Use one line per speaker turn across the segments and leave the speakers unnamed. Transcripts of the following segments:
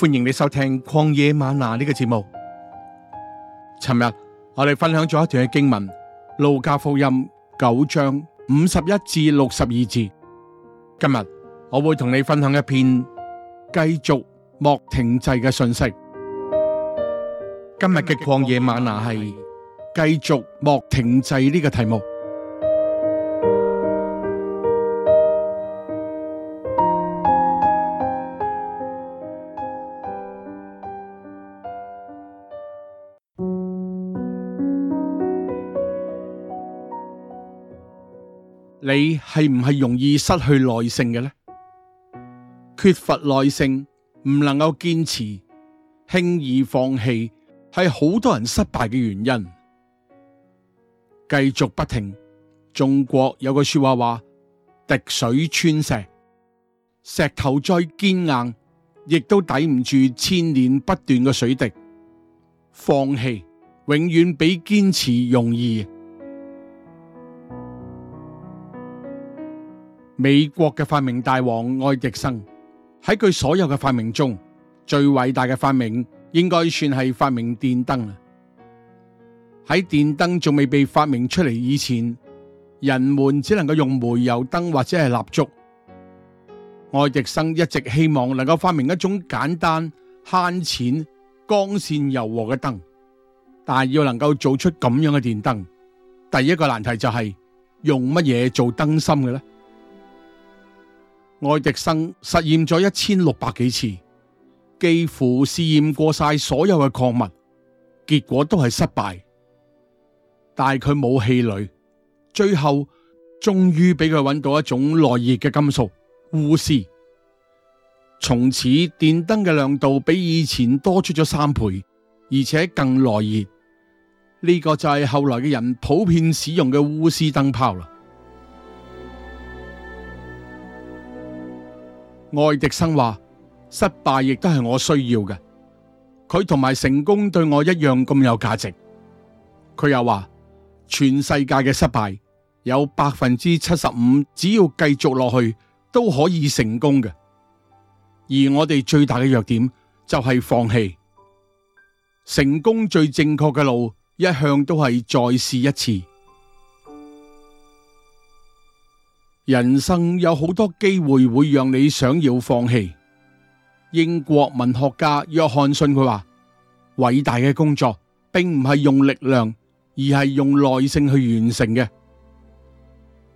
歡迎你收聽。你係唔係容易失去耐性嘅呢？缺乏耐性，唔能夠堅持，輕易放棄係好多人失敗嘅原因。繼續不停。中國有句說話話：滴水穿石，石頭再堅硬，亦都抵唔住千年不斷嘅水滴。放棄永遠比堅持容易。美國嘅發明大王愛迪生喺佢所有嘅發明中，最偉大嘅發明應該算係發明電燈啦。喺電燈仲未被發明出嚟以前，人們只能夠用煤油燈或者係蠟燭。愛迪生一直希望能夠發明一種簡單慳錢、光線柔和嘅燈，但要能夠做出咁樣嘅電燈，第一個難題就係用乜嘢做燈芯嘅呢？愛迪生實驗咗一千六百幾次，幾乎試驗過晒所有嘅礦物，結果都係失敗。但係佢冇氣餒，最後終於俾佢搵到一種耐熱嘅金屬鎢絲。從此電燈嘅亮度比以前多出咗三倍，而且更耐熱。呢、這個就係後來嘅人普遍使用嘅鎢絲燈泡啦。愛迪生話：失敗亦都係我需要嘅，佢同埋成功對我一樣咁有價值。佢又話：全世界嘅失敗有百分之七十五，只要繼續落去都可以成功嘅。而我哋最大嘅弱點就係放棄。成功最正確嘅路，一向都係再試一次。人生有好多機會會讓你想要放棄。英國文學家約翰遜佢話：偉大嘅工作並唔係用力量，而係用耐性去完成嘅。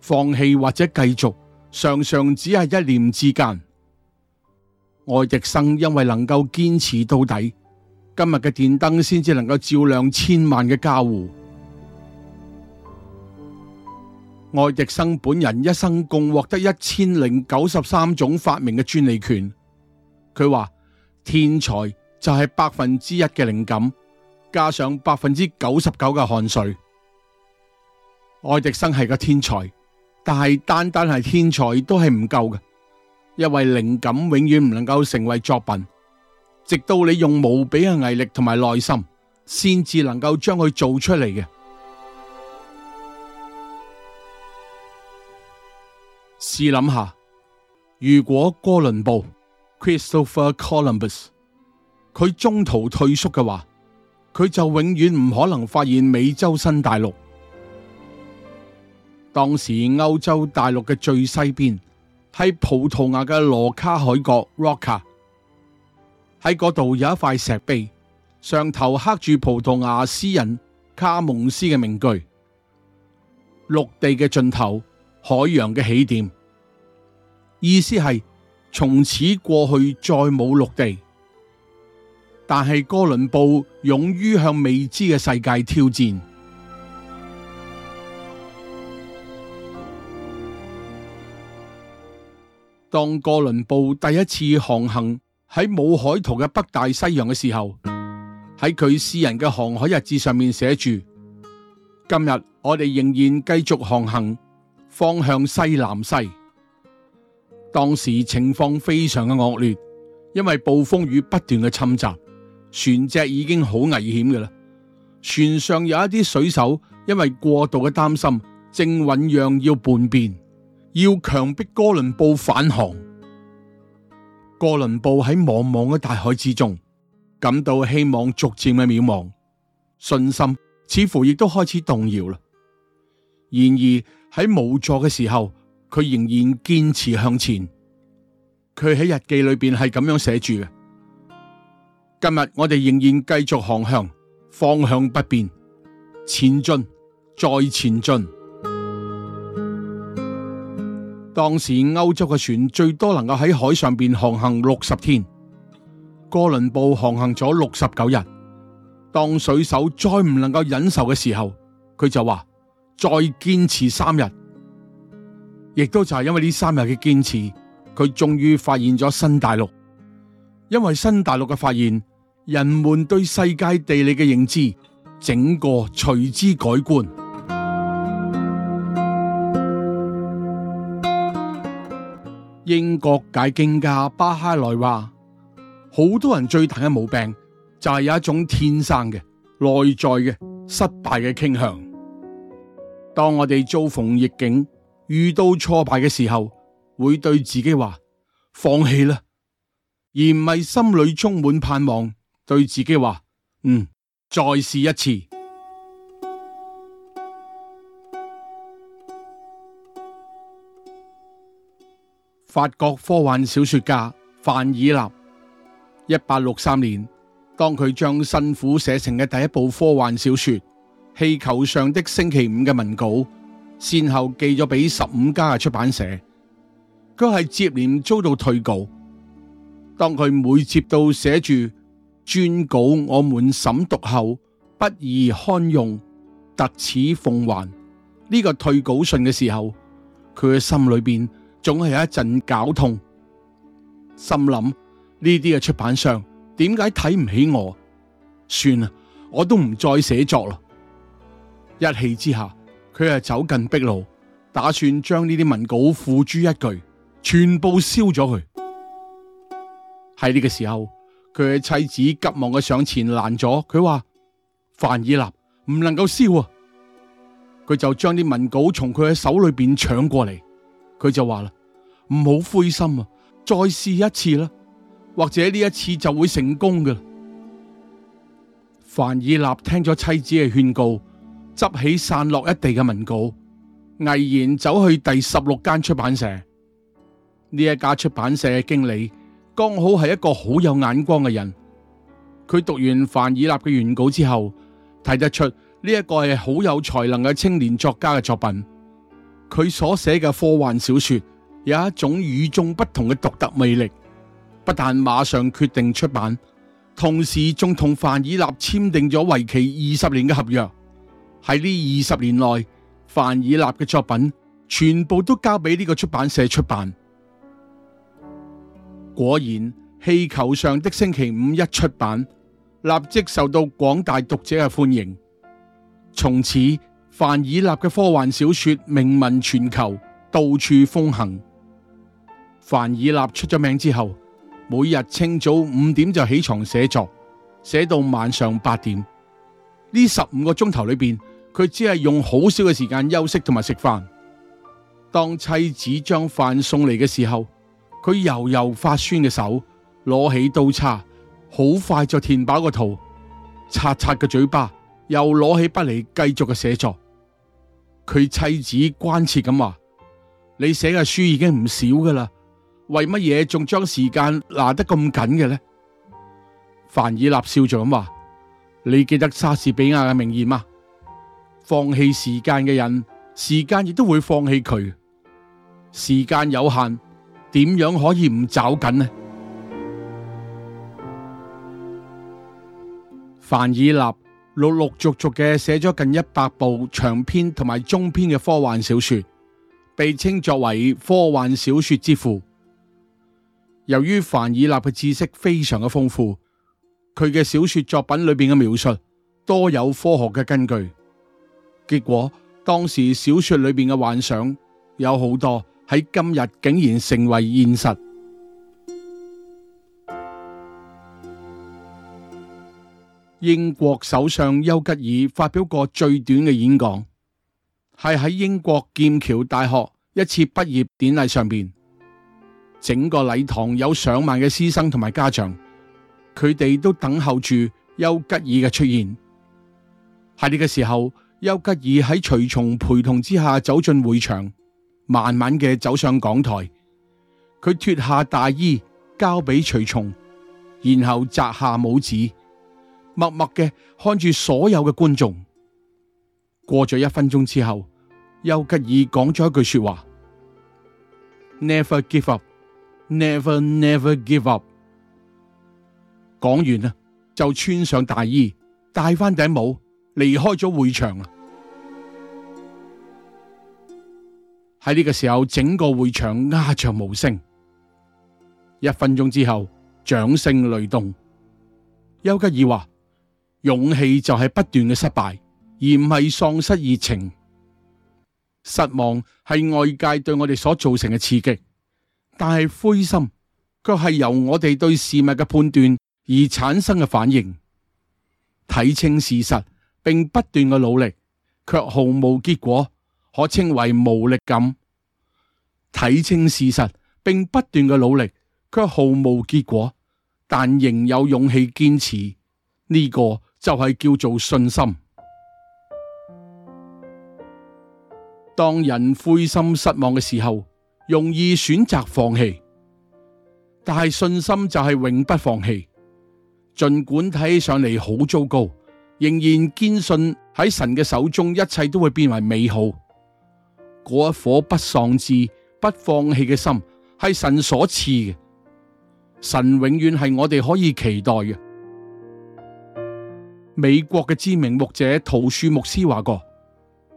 放棄或者繼續，常常只係一念之間。愛迪生因為能夠堅持到底，今日嘅電燈先至能夠照亮千萬嘅家戶。愛迪生本人一生共獲得一千零九十三種發明嘅專利權。佢話：天才就係百分之一嘅靈感，加上百分之九十九嘅汗水。愛迪生係個天才，但係單單係天才都係唔夠嘅，因為靈感永遠唔能夠成為作品，直到你用無比嘅毅力同埋耐心，先至能夠將佢做出嚟嘅。試諗下，如果哥倫布 Christopher Columbus 佢中途退縮嘅話，佢就永遠唔可能發現美洲新大陸。當時歐洲大陸嘅最西邊喺葡萄牙嘅羅卡海角 （Roca），喺嗰度有一塊石碑，上頭刻住葡萄牙詩人卡蒙斯嘅名句：陸地嘅盡頭。海洋嘅起點，意思係從此過去再冇陸地。但係哥倫布勇於向未知嘅世界挑戰。當哥倫布第一次航行喺冇海圖嘅北大西洋嘅時候，喺佢私人嘅航海日誌上面寫住：今日我哋仍然繼續航行。方向西南西，當時情況非常嘅惡劣，因為暴風雨不斷嘅侵襲，船隻已經好危險嘅啦。船上有一啲水手因為過度嘅擔心，正醞釀要叛變，要強迫哥倫布返航。哥倫布喺茫茫嘅大海之中，感到希望逐漸嘅渺茫，信心似乎亦都開始動搖啦。然而喺無助嘅時候，佢仍然堅持向前。佢喺日記裏邊係咁樣寫住嘅：「今日我哋仍然繼續航向，方向不變，前進，再前進。當時歐洲嘅船最多能夠喺海上邊航行六十天，哥倫布航行咗六十九日。當水手再唔能夠忍受嘅時候，佢就話。再堅持三日，亦都就係因為呢三日嘅堅持，佢終於發現咗新大陸。因為新大陸嘅發現，人們對世界地理嘅認知，整個隨之改觀。英國解經家巴哈萊話：好多人最大嘅毛病就係有一種天生嘅內在嘅失敗嘅傾向。當我哋遭逢逆境、遇到挫敗嘅時候，會對自己話放棄啦，而唔係心裏充滿盼望，對自己話嗯，再試一次。法國科幻小說家凡爾納，一八六三年，當佢將辛苦寫成嘅第一部科幻小說。氣球上的星期五嘅文稿，先後寄咗俾十五家嘅出版社，佢係接連遭到退稿。當佢每接到寫住專稿，我們審讀後不宜刊用，特此奉還呢個退稿信嘅時候，佢嘅心裏邊總係有一陣絞痛，心諗呢啲嘅出版商點解睇唔起我？算啦，我都唔再寫作啦。一氣之下，佢係走近壁爐打算將呢啲文稿付諸一炬，全部燒咗佢。喺呢個時候，佢嘅妻子急忙嘅上前攔咗佢，話凡爾納唔能夠燒啊。佢就將啲文稿從佢嘅手裏邊搶過嚟，佢就話啦，唔好灰心啊，再試一次啦、啊，或者呢一次就會成功㗎。凡爾納聽咗妻子嘅勸告。執起散落一地嘅文稿，毅然走去第十六間出版社。呢一家出版社嘅經理剛好係一個好有眼光嘅人。佢讀完凡爾納嘅原稿之後，睇得出呢一個係好有才能嘅青年作家嘅作品。佢所寫嘅科幻小說有一種與眾不同嘅獨特魅力，不但馬上決定出版，同時仲同凡爾納簽訂咗為期二十年嘅合約。喺呢二十年內，凡爾納嘅作品全部都交俾呢個出版社出版。果然，《氣球上的星期五》一出版，立即受到廣大讀者嘅歡迎。從此，凡爾納嘅科幻小說名聞全球，到處風行。凡爾納出咗名之後，每日清早五點就起床寫作，寫到晚上八點。呢十五個鐘頭裏邊。佢只係用好少嘅時間休息同埋食飯。當妻子將飯送嚟嘅時候，佢揉揉發酸嘅手攞起刀叉，好快就填飽個肚，刷刷個嘴巴，又攞起筆嚟繼續嘅寫作。佢妻子關切咁話：你寫嘅書已經唔少噶啦，為乜嘢仲將時間拿得咁緊嘅咧？凡爾納笑住咁話：你記得莎士比亞嘅名言嗎？放棄時間嘅人，時間亦都會放棄佢。時間有限，點樣可以唔找緊呢？凡爾納陸陸續續嘅寫咗近一百部長篇同埋中篇嘅科幻小說，被稱作為科幻小說之父。由於凡爾納嘅知識非常嘅豐富，佢嘅小說作品裏邊嘅描述多有科學嘅根據。結果當時小說裏邊嘅幻想，有好多喺今日竟然成為現實。英國首相丘吉爾發表過最短嘅演講，係喺英國劍橋大學一次畢業典禮上邊。整個禮堂有上萬嘅師生同埋家長，佢哋都等候住丘吉爾嘅出現。喺呢個時候。丘吉爾喺隨從陪同之下走進會場，慢慢嘅走上講台。佢脱下大衣交俾隨從，然後摘下帽子，默默嘅看住所有嘅觀眾。過咗一分鐘之後，丘吉爾講咗一句說話：Never give up，never，never never give up。講完啦，就穿上大衣，戴翻頂帽。離開咗會場啦！喺呢個時候，整個會場鴉雀無聲。一分鐘之後，掌聲雷動。丘吉爾話：勇氣就係不斷嘅失敗，而唔係喪失熱情。失望係外界對我哋所造成嘅刺激，但係灰心卻係由我哋對事物嘅判斷而產生嘅反應。睇清事實。並不斷嘅努力，卻毫無結果，可稱為無力感。睇清事實，並不斷嘅努力，卻毫無結果，但仍有勇氣堅持，呢個就係叫做信心。當人灰心失望嘅時候，容易選擇放棄，但係信心就係永不放棄，盡管睇起上嚟好糟糕。仍然堅信喺神嘅手中，一切都會變為美好。嗰顆不喪志、不放棄嘅心，係神所賜嘅。神永遠係我哋可以期待嘅。美國嘅知名牧者陶恕牧師話過：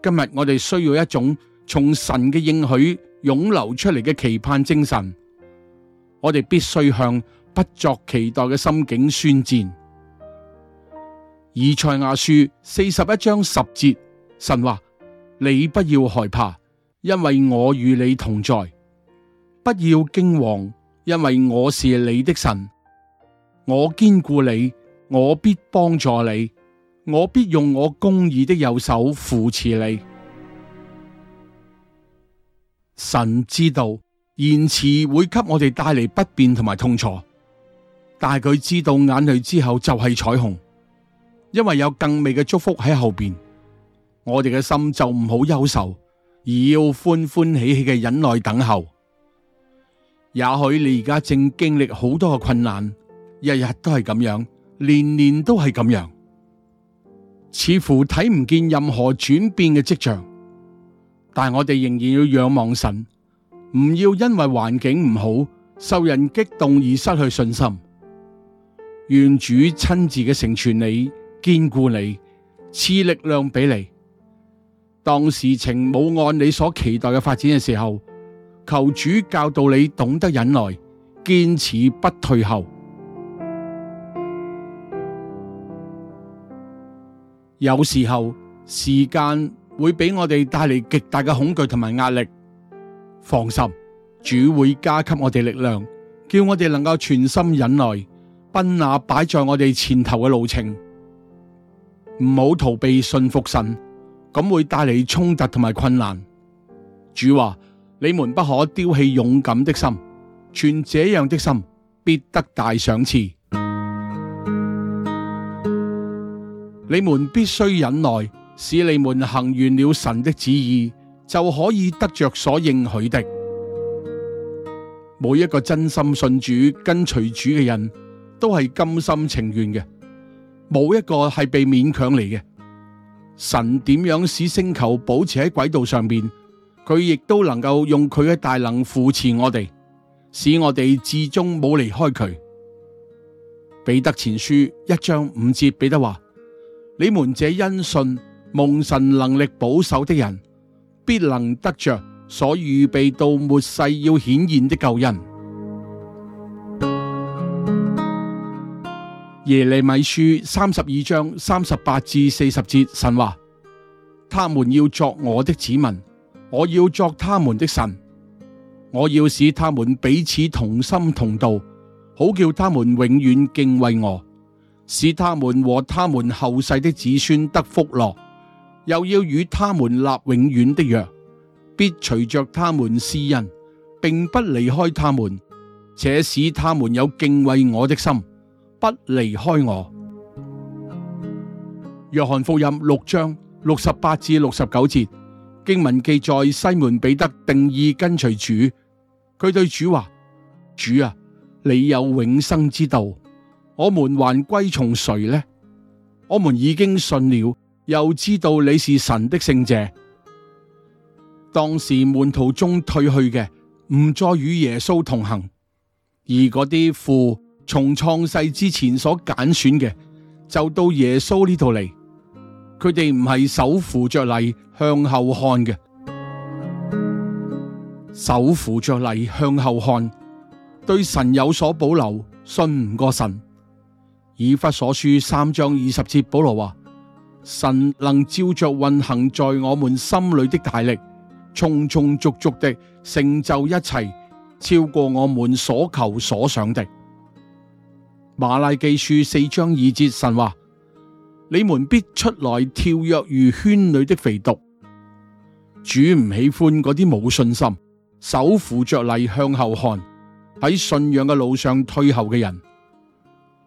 今日我哋需要一種從神嘅應許湧流出嚟嘅期盼精神。我哋必須向不作期待嘅心境宣戰。以賽亞書四十一章十節，神話：你不要害怕，因為我與你同在；不要驚惶，因為我是你的神，我堅固你，我必幫助你，我必用我公義的右手扶持你。神知道延遲會給我哋帶嚟不便同埋痛楚，但佢知道眼淚之後就係彩虹。因為有更美嘅祝福喺後邊，我哋嘅心就唔好憂愁，而要歡歡喜喜嘅忍耐等候。也許你而家正經歷好多嘅困難，日日都係咁樣，年年都係咁樣，似乎睇唔見任何轉變嘅跡象。但係我哋仍然要仰望神，唔要因為環境唔好，受人激動而失去信心。願主親自嘅成全你。堅固你賜力量俾你。當事情冇按你所期待嘅發展嘅時候，求主教導你懂得忍耐，堅持不退後。有時候，時間會俾我哋帶嚟極大嘅恐懼同埋壓力。放心，主會加給我哋力量，叫我哋能夠全心忍耐，奔那擺在我哋前頭嘅路程。唔好逃避信服神，咁會帶嚟衝突同埋困難。主話：你們不可丟棄勇敢的心，存這樣的心，必得大賞賜。你們必須忍耐，使你們行完了神的旨意，就可以得着所應許的。每一個真心信主、跟隨主嘅人都係甘心情願嘅。冇一個係被勉強嚟嘅，神點樣使星球保持喺軌道上邊，佢亦都能夠用佢嘅大能扶持我哋，使我哋至終冇離開佢。彼得前書一章五節，彼得話：你們這因信蒙神能力保守的人，必能得着所預備到末世要顯現的救恩。耶利米書三十二章三十八至四十節，神話：他們要作我的子民，我要作他們的神，我要使他們彼此同心同道，好叫他們永遠敬畏我，使他們和他們後世的子孫得福樂，又要與他們立永遠的約，必隨着他們施恩，並不離開他們，且使他們有敬畏我的心。不離開我。約翰福音六章六十八至六十九節經文記載，西門彼得定義跟隨主。佢對主話：主啊，你有永生之道，我們還歸從誰呢？我們已經信了，又知道你是神的聖者。當時門徒中退去嘅，唔再與耶穌同行，而嗰啲父。從創世之前所揀選嘅，就到耶穌呢度嚟，佢哋唔係手扶着犁向後看嘅，手扶着犁向後看，對神有所保留，信唔過神。以弗所書三章二十節，保羅話：神能照着運行在我們心裏的大力，充充足足的成就一切，超過我們所求所想的。瑪拉基書四章二節神話：你們必出來跳躍如圈裏的肥犢。主唔喜歡嗰啲冇信心、手扶着犁向後看、喺信仰嘅路上退後嘅人。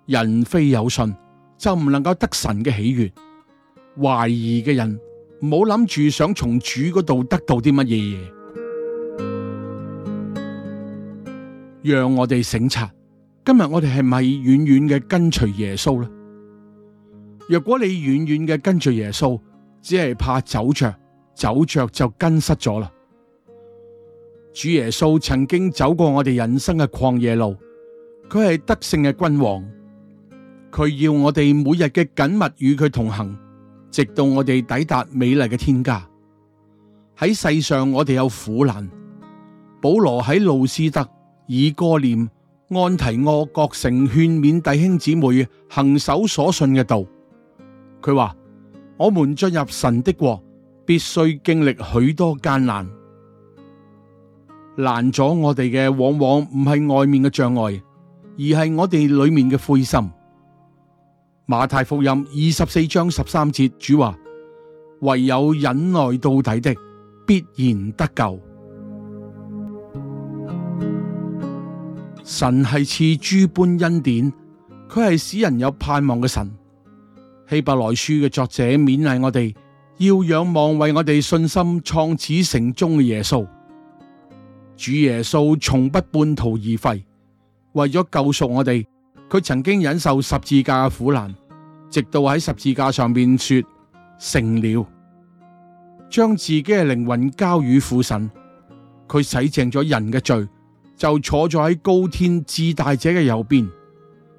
人非有信就唔能夠得神嘅喜悅。懷疑嘅人唔好諗住想從主嗰度得到啲乜嘢嘢。讓我哋省察。今日我哋係咪遠遠嘅跟隨耶穌呢？若果你遠遠嘅跟隨耶穌，只係怕走着走着就跟失咗啦。主耶穌曾經走過我哋人生嘅曠野路，佢係得勝嘅君王，佢要我哋每日嘅緊密與佢同行，直到我哋抵達美麗嘅天家。喺世上我哋有苦難，保羅喺路司得、以哥念。安提阿各城勸勉弟兄姊妹行守所信嘅道。佢話：我們進入神的國，必須經歷許多艱難。難咗我哋嘅，往往唔係外面嘅障礙，而係我哋裏面嘅灰心。馬太福音二十四章十三節，主話：唯有忍耐到底的，必然得救。神係賜諸般恩典，佢係使人有盼望嘅神。希伯來書嘅作者勉勵我哋要仰望為我哋信心創始成終嘅耶穌。主耶穌從不半途而廢，為咗救贖我哋，佢曾經忍受十字架嘅苦難，直到喺十字架上面說成了，將自己嘅靈魂交予父神，佢洗淨咗人嘅罪。就坐咗喺高天至大者嘅右邊。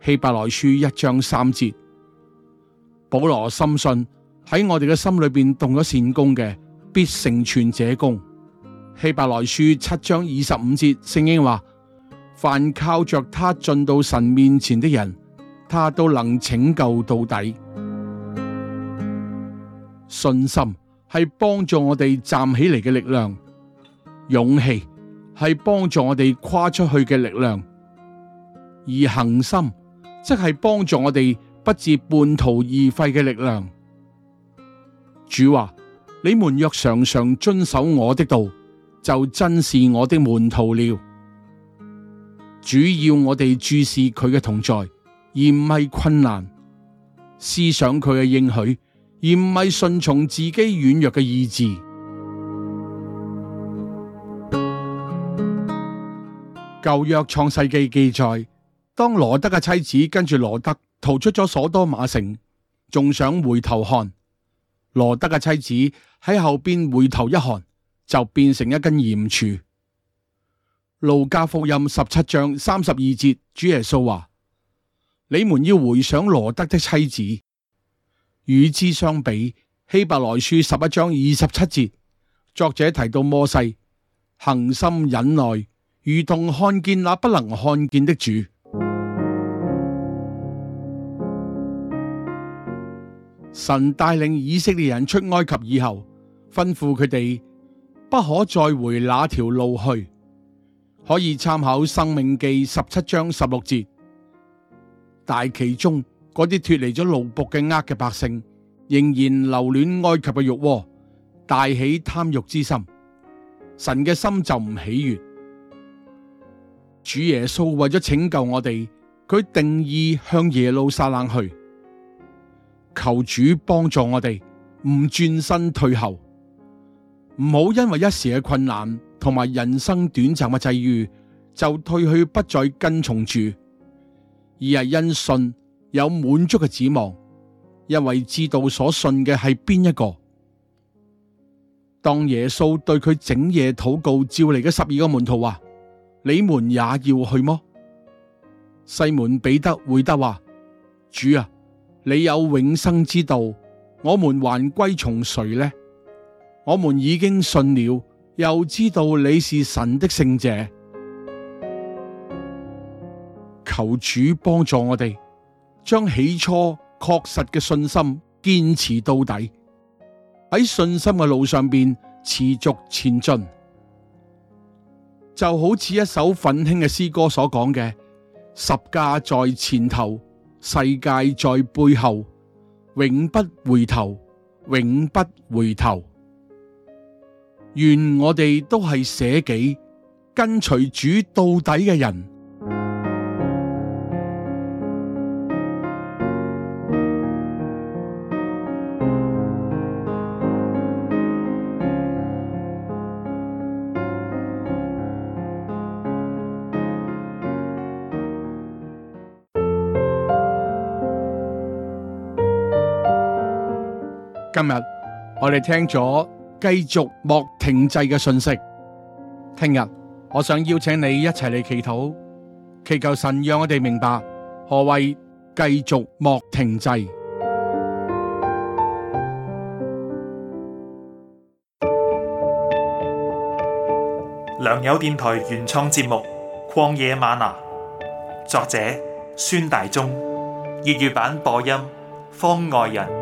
希伯來書一章三節，保羅深信喺我哋嘅心裏邊動咗善工嘅，必成全這工。希伯來書七章二十五節，聖經話：凡靠着他進到神面前的人，他都能拯救到底。信心係幫助我哋站起嚟嘅力量，勇氣。係幫助我哋跨出去嘅力量，而恆心則係幫助我哋不至半途而廢嘅力量。主話：你們若常常遵守我的道，就真是我的門徒了。主要我哋注視佢嘅同在，而唔係困難；思想佢嘅應許，而唔係順從自己軟弱嘅意志。舊約創世紀記載，當羅德嘅妻子跟住羅德逃出咗所多馬城，仲想回頭看。羅德嘅妻子喺後邊回頭一看，就變成一根鹽柱。路加福音十七章三十二節，主耶穌話：你們要回想羅德的妻子。與之相比，希伯來書十一章二十七節，作者提到摩西，恒心忍耐。如同看見那不能看見的主，神帶領以色列人出埃及以後，吩咐佢哋不可再回那條路去。可以參考《申命記》十七章十六節。但其中嗰啲脫離咗奴僕嘅軛嘅百姓，仍然留戀埃及嘅肉鍋，大起貪慾之心。神嘅心就唔喜悅。主耶穌為咗拯救我哋，佢定意向耶路撒冷去，求主幫助我哋，唔轉身退後，唔好因為一時嘅困難同埋人生短暫嘅際遇就退去不再跟從住，而係因信有滿足嘅指望，因為知道所信嘅係邊一個。當耶穌對佢整夜禱告召嚟嘅，十二個門徒話。你們也要去麼？西門彼得會答話：主啊，你有永生之道，我們還歸從誰呢？我們已經信了，又知道你是神的聖者，求主幫助我哋，將起初確實嘅信心堅持到底，喺信心嘅路上邊持續前進。就好似一首奮興嘅詩歌所講嘅，十架在前頭，世界在背後，永不回頭，永不回頭。願我哋都係捨己跟隨主到底嘅人。今日我哋聽咗繼續莫停滯嘅信息，聽日我想邀請你一齊嚟祈禱，祈求神讓我哋明白何謂繼續莫停滯。良友電台原創節目《曠野嗎哪》，作者孫大中，粵語版播音方外人。